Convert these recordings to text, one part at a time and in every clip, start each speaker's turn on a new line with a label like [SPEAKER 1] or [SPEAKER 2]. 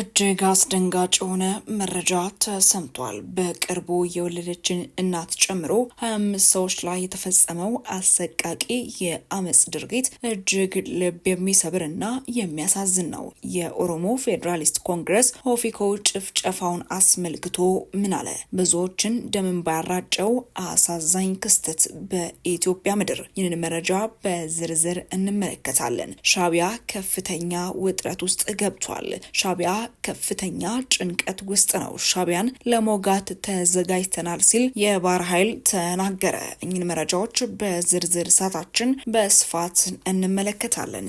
[SPEAKER 1] እጅግ አስደንጋጭ የሆነ መረጃ ተሰምቷል። በቅርቡ የወለደችን እናት ጨምሮ ሀያ አምስት ሰዎች ላይ የተፈጸመው አሰቃቂ የአመፅ ድርጊት እጅግ ልብ የሚሰብርና የሚያሳዝን ነው። የኦሮሞ ፌዴራሊስት ኮንግረስ ኦፌኮ ጭፍጨፋውን አስመልክቶ ምን አለ? ብዙዎችን ደምን ባያራጨው አሳዛኝ ክስተት በኢትዮጵያ ምድር። ይህንን መረጃ በዝርዝር እንመለከታለን። ሻቢያ ከፍተኛ ውጥረት ውስጥ ገብቷል። ሻቢያ? ከፍተኛ ጭንቀት ውስጥ ነው፣ ሻቢያን ለሞጋት ተዘጋጅተናል ሲል የባህር ኃይል ተናገረ። እኚህን መረጃዎች በዝርዝር ሰዓታችን በስፋት እንመለከታለን።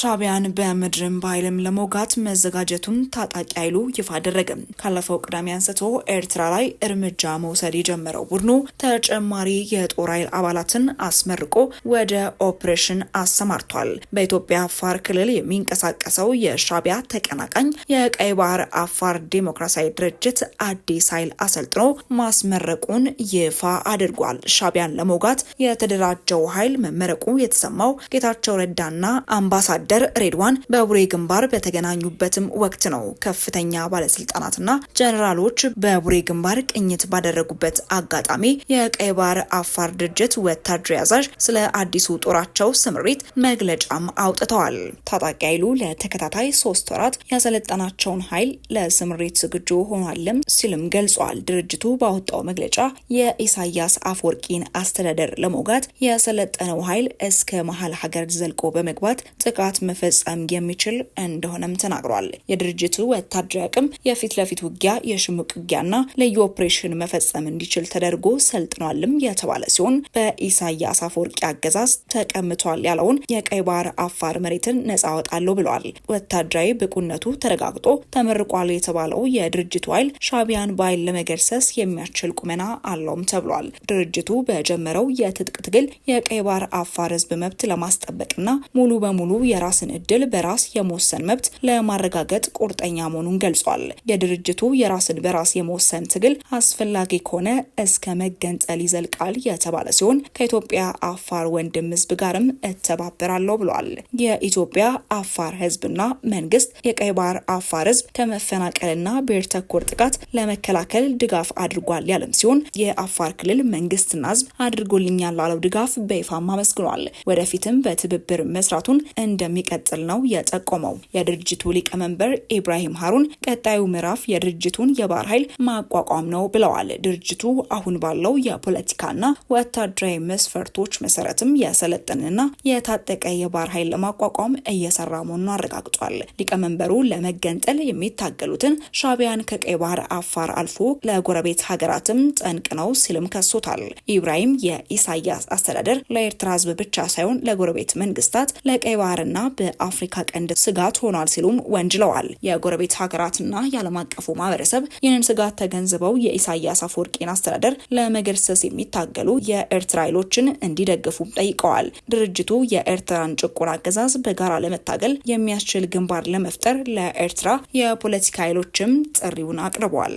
[SPEAKER 1] ሻቢያን በምድርም በኃይልም ለመውጋት መዘጋጀቱን ታጣቂ ኃይሉ ይፋ አደረገ። ካለፈው ቅዳሜ አንስቶ ኤርትራ ላይ እርምጃ መውሰድ የጀመረው ቡድኑ ተጨማሪ የጦር ኃይል አባላትን አስመርቆ ወደ ኦፕሬሽን አሰማርቷል። በኢትዮጵያ አፋር ክልል የሚንቀሳቀሰው የሻቢያ ተቀናቃኝ የቀይ ባህር አፋር ዴሞክራሲያዊ ድርጅት አዲስ ኃይል አሰልጥኖ ማስመረቁን ይፋ አድርጓል። ሻቢያን ለመውጋት የተደራጀው ኃይል መመረቁ የተሰማው ጌታቸው ረዳና አምባሳደ አምባሳደር ሬድዋን በቡሬ ግንባር በተገናኙበትም ወቅት ነው ከፍተኛ ባለስልጣናትና ጀኔራሎች በቡሬ ግንባር ቅኝት ባደረጉበት አጋጣሚ የቀይ ባህር አፋር ድርጅት ወታደር ያዛዥ ስለ አዲሱ ጦራቸው ስምሪት መግለጫም አውጥተዋል። ታጣቂ ኃይሉ ለተከታታይ ሶስት ወራት ያሰለጠናቸውን ኃይል ለስምሪት ዝግጁ ሆኗልም ሲልም ገልጿል። ድርጅቱ ባወጣው መግለጫ የኢሳያስ አፈወርቂን አስተዳደር ለመውጋት የሰለጠነው ኃይል እስከ መሀል ሀገር ዘልቆ በመግባት ጥቃት ጥቃት መፈጸም የሚችል እንደሆነም ተናግሯል። የድርጅቱ ወታደራዊ አቅም የፊት ለፊት ውጊያ፣ የሽምቅ ውጊያና ልዩ ኦፕሬሽን መፈጸም እንዲችል ተደርጎ ሰልጥኗልም የተባለ ሲሆን በኢሳያስ አፈወርቂ አገዛዝ ተቀምቷል ያለውን የቀይ ባህር አፋር መሬትን ነጻ ወጣለሁ ብለዋል። ወታደራዊ ብቁነቱ ተረጋግጦ ተመርቋል የተባለው የድርጅቱ ኃይል ሻቢያን በኃይል ለመገርሰስ የሚያስችል ቁመና አለውም ተብሏል። ድርጅቱ በጀመረው የትጥቅ ትግል የቀይ ባህር አፋር ህዝብ መብት ለማስጠበቅና ሙሉ በሙሉ የራስን እድል በራስ የመወሰን መብት ለማረጋገጥ ቁርጠኛ መሆኑን ገልጿል። የድርጅቱ የራስን በራስ የመወሰን ትግል አስፈላጊ ከሆነ እስከ መገንጠል ይዘልቃል የተባለ ሲሆን ከኢትዮጵያ አፋር ወንድም ህዝብ ጋርም እተባበራለሁ ብሏል። የኢትዮጵያ አፋር ህዝብና መንግስት የቀይ ባህር አፋር ህዝብ ከመፈናቀልና ብሔር ተኮር ጥቃት ለመከላከል ድጋፍ አድርጓል ያለም ሲሆን የአፋር ክልል መንግስትና ህዝብ አድርጎልኛል ላለው ድጋፍ በይፋም አመስግኗል። ወደፊትም በትብብር መስራቱን እንደ እንደሚቀጥል ነው የጠቆመው። የድርጅቱ ሊቀመንበር ኢብራሂም ሀሩን ቀጣዩ ምዕራፍ የድርጅቱን የባህር ኃይል ማቋቋም ነው ብለዋል። ድርጅቱ አሁን ባለው የፖለቲካና ወታደራዊ መስፈርቶች መሰረትም የሰለጠነና የታጠቀ የባህር ኃይል ለማቋቋም እየሰራ መሆኑን አረጋግጧል። ሊቀመንበሩ ለመገንጠል የሚታገሉትን ሻቢያን ከቀይ ባህር አፋር አልፎ ለጎረቤት ሀገራትም ጠንቅ ነው ሲልም ከሶታል። ኢብራሂም የኢሳያስ አስተዳደር ለኤርትራ ህዝብ ብቻ ሳይሆን ለጎረቤት መንግስታት፣ ለቀይ ባህርና በአፍሪካና በአፍሪካ ቀንድ ስጋት ሆኗል ሲሉም ወንጅለዋል። የጎረቤት ሀገራትና የዓለም አቀፉ ማህበረሰብ ይህንን ስጋት ተገንዝበው የኢሳያስ አፈወርቂን አስተዳደር ለመገርሰስ የሚታገሉ የኤርትራ ኃይሎችን እንዲደግፉም ጠይቀዋል። ድርጅቱ የኤርትራን ጭቁን አገዛዝ በጋራ ለመታገል የሚያስችል ግንባር ለመፍጠር ለኤርትራ የፖለቲካ ኃይሎችም ጥሪውን አቅርቧል።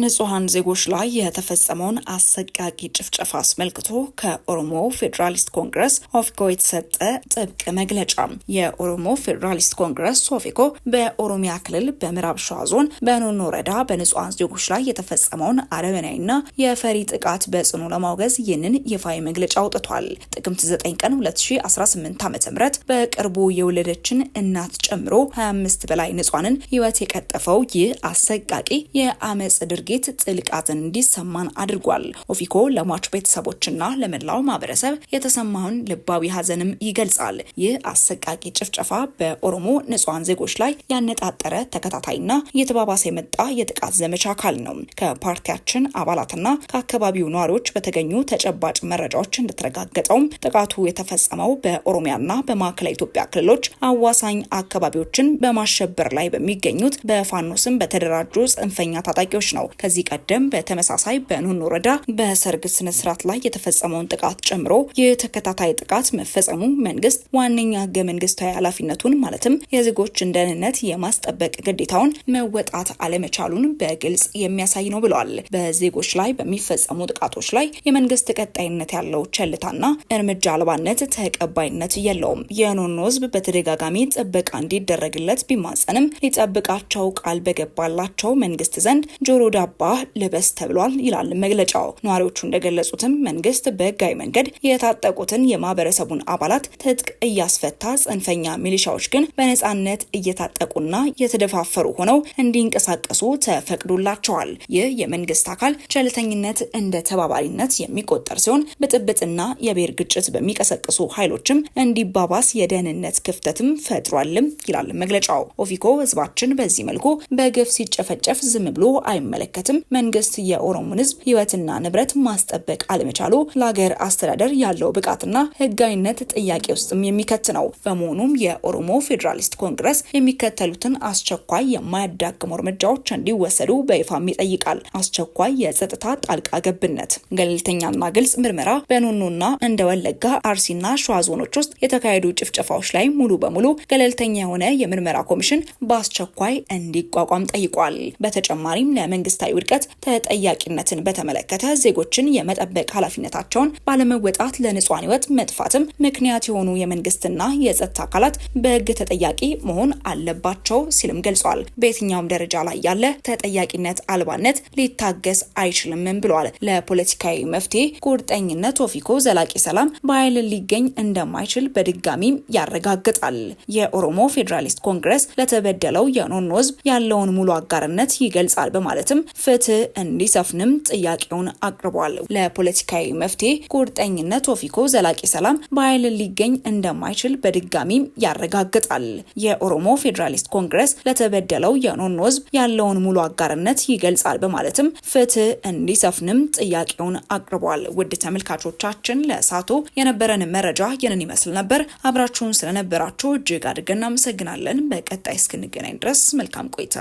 [SPEAKER 1] ንጹሐን ዜጎች ላይ የተፈጸመውን አሰቃቂ ጭፍጨፋ አስመልክቶ ከኦሮሞ ፌዴራሊስት ኮንግረስ ኦፌኮ የተሰጠ ጥብቅ መግለጫ። የኦሮሞ ፌዴራሊስት ኮንግረስ ኦፌኮ በኦሮሚያ ክልል በምዕራብ ሸዋ ዞን በኖኖ ወረዳ በንጹሐን ዜጎች ላይ የተፈጸመውን አረመናዊና የፈሪ ጥቃት በጽኑ ለማውገዝ ይህንን ይፋዊ መግለጫ አውጥቷል። ጥቅምት 9 ቀን 2018 ዓ ም በቅርቡ የወለደችን እናት ጨምሮ 25 በላይ ንጹሐንን ህይወት የቀጠፈው ይህ አሰቃቂ የአመፅ ድርጊት ጥልቅ ሐዘን እንዲሰማን አድርጓል። ኦፊኮ ለሟች ቤተሰቦችና ለመላው ማህበረሰብ የተሰማውን ልባዊ ሐዘንም ይገልጻል። ይህ አሰቃቂ ጭፍጨፋ በኦሮሞ ንጹሐን ዜጎች ላይ ያነጣጠረ ተከታታይና እየተባባሰ የመጣ የጥቃት ዘመቻ አካል ነው። ከፓርቲያችን አባላትና ከአካባቢው ነዋሪዎች በተገኙ ተጨባጭ መረጃዎች እንደተረጋገጠውም ጥቃቱ የተፈጸመው በኦሮሚያና በማዕከላዊ ኢትዮጵያ ክልሎች አዋሳኝ አካባቢዎችን በማሸበር ላይ በሚገኙት በፋኖ ስም በተደራጁ ጽንፈኛ ታጣቂዎች ነው። ነው። ከዚህ ቀደም በተመሳሳይ በኑን ወረዳ በሰርግ ስነስርዓት ላይ የተፈጸመውን ጥቃት ጨምሮ የተከታታይ ጥቃት መፈጸሙ መንግስት ዋነኛ ህገ መንግስታዊ ኃላፊነቱን ማለትም የዜጎችን ደህንነት የማስጠበቅ ግዴታውን መወጣት አለመቻሉን በግልጽ የሚያሳይ ነው ብለዋል። በዜጎች ላይ በሚፈጸሙ ጥቃቶች ላይ የመንግስት ቀጣይነት ያለው ቸልታና እርምጃ አልባነት ተቀባይነት የለውም። የኖኖ ህዝብ በተደጋጋሚ ጥበቃ እንዲደረግለት ቢማጸንም ሊጠብቃቸው ቃል በገባላቸው መንግስት ዘንድ ጆሮ ዳባ ልበስ ተብሏል ይላል መግለጫው። ነዋሪዎቹ እንደገለጹትም መንግስት በህጋዊ መንገድ የታጠቁትን የማህበረሰቡን አባላት ትጥቅ እያስፈታ፣ ጽንፈኛ ሚሊሻዎች ግን በነጻነት እየታጠቁና የተደፋፈሩ ሆነው እንዲንቀሳቀሱ ተፈቅዶላቸዋል። ይህ የመንግስት አካል ቸልተኝነት እንደ ተባባሪነት የሚቆጠር ሲሆን ብጥብጥና የብሔር ግጭት በሚቀሰቅሱ ኃይሎችም እንዲባባስ የደህንነት ክፍተትም ፈጥሯልም ይላል መግለጫው። ኦፊኮ ህዝባችን በዚህ መልኩ በግፍ ሲጨፈጨፍ ዝም ብሎ አይመለከ ቢመለከትም መንግስት የኦሮሞን ህዝብ ህይወትና ንብረት ማስጠበቅ አለመቻሉ ለሀገር አስተዳደር ያለው ብቃትና ህጋዊነት ጥያቄ ውስጥም የሚከት ነው። በመሆኑም የኦሮሞ ፌዴራሊስት ኮንግረስ የሚከተሉትን አስቸኳይ የማያዳግሙ እርምጃዎች እንዲወሰዱ በይፋም ይጠይቃል። አስቸኳይ የጸጥታ ጣልቃ ገብነት፣ ገለልተኛና ግልጽ ምርመራ፣ በኖኖና እንደ ወለጋ አርሲና ሸዋ ዞኖች ውስጥ የተካሄዱ ጭፍጨፋዎች ላይ ሙሉ በሙሉ ገለልተኛ የሆነ የምርመራ ኮሚሽን በአስቸኳይ እንዲቋቋም ጠይቋል። በተጨማሪም ለመንግስት መንግስታዊ ውድቀት ተጠያቂነትን በተመለከተ ዜጎችን የመጠበቅ ኃላፊነታቸውን ባለመወጣት ለንጹሐን ህይወት መጥፋትም ምክንያት የሆኑ የመንግስትና የጸጥታ አካላት በህግ ተጠያቂ መሆን አለባቸው ሲልም ገልጿል። በየትኛውም ደረጃ ላይ ያለ ተጠያቂነት አልባነት ሊታገስ አይችልምም ብለዋል። ለፖለቲካዊ መፍትሄ ቁርጠኝነት ቶፊኮ ዘላቂ ሰላም በኃይል ሊገኝ እንደማይችል በድጋሚም ያረጋግጣል። የኦሮሞ ፌዴራሊስት ኮንግረስ ለተበደለው የኖኖ ህዝብ ያለውን ሙሉ አጋርነት ይገልጻል በማለትም ፍትህ እንዲሰፍንም ጥያቄውን አቅርቧል። ለፖለቲካዊ መፍትሄ ቁርጠኝነት ወፊኮ ዘላቂ ሰላም በኃይል ሊገኝ እንደማይችል በድጋሚም ያረጋግጣል። የኦሮሞ ፌዴራሊስት ኮንግረስ ለተበደለው የኖኖ ህዝብ ያለውን ሙሉ አጋርነት ይገልጻል በማለትም ፍትህ እንዲሰፍንም ጥያቄውን አቅርቧል። ውድ ተመልካቾቻችን ለእሳቱ የነበረን መረጃ ይህንን ይመስል ነበር። አብራችሁን ስለነበራችሁ እጅግ አድርገን እናመሰግናለን። በቀጣይ እስክንገናኝ ድረስ መልካም ቆይታ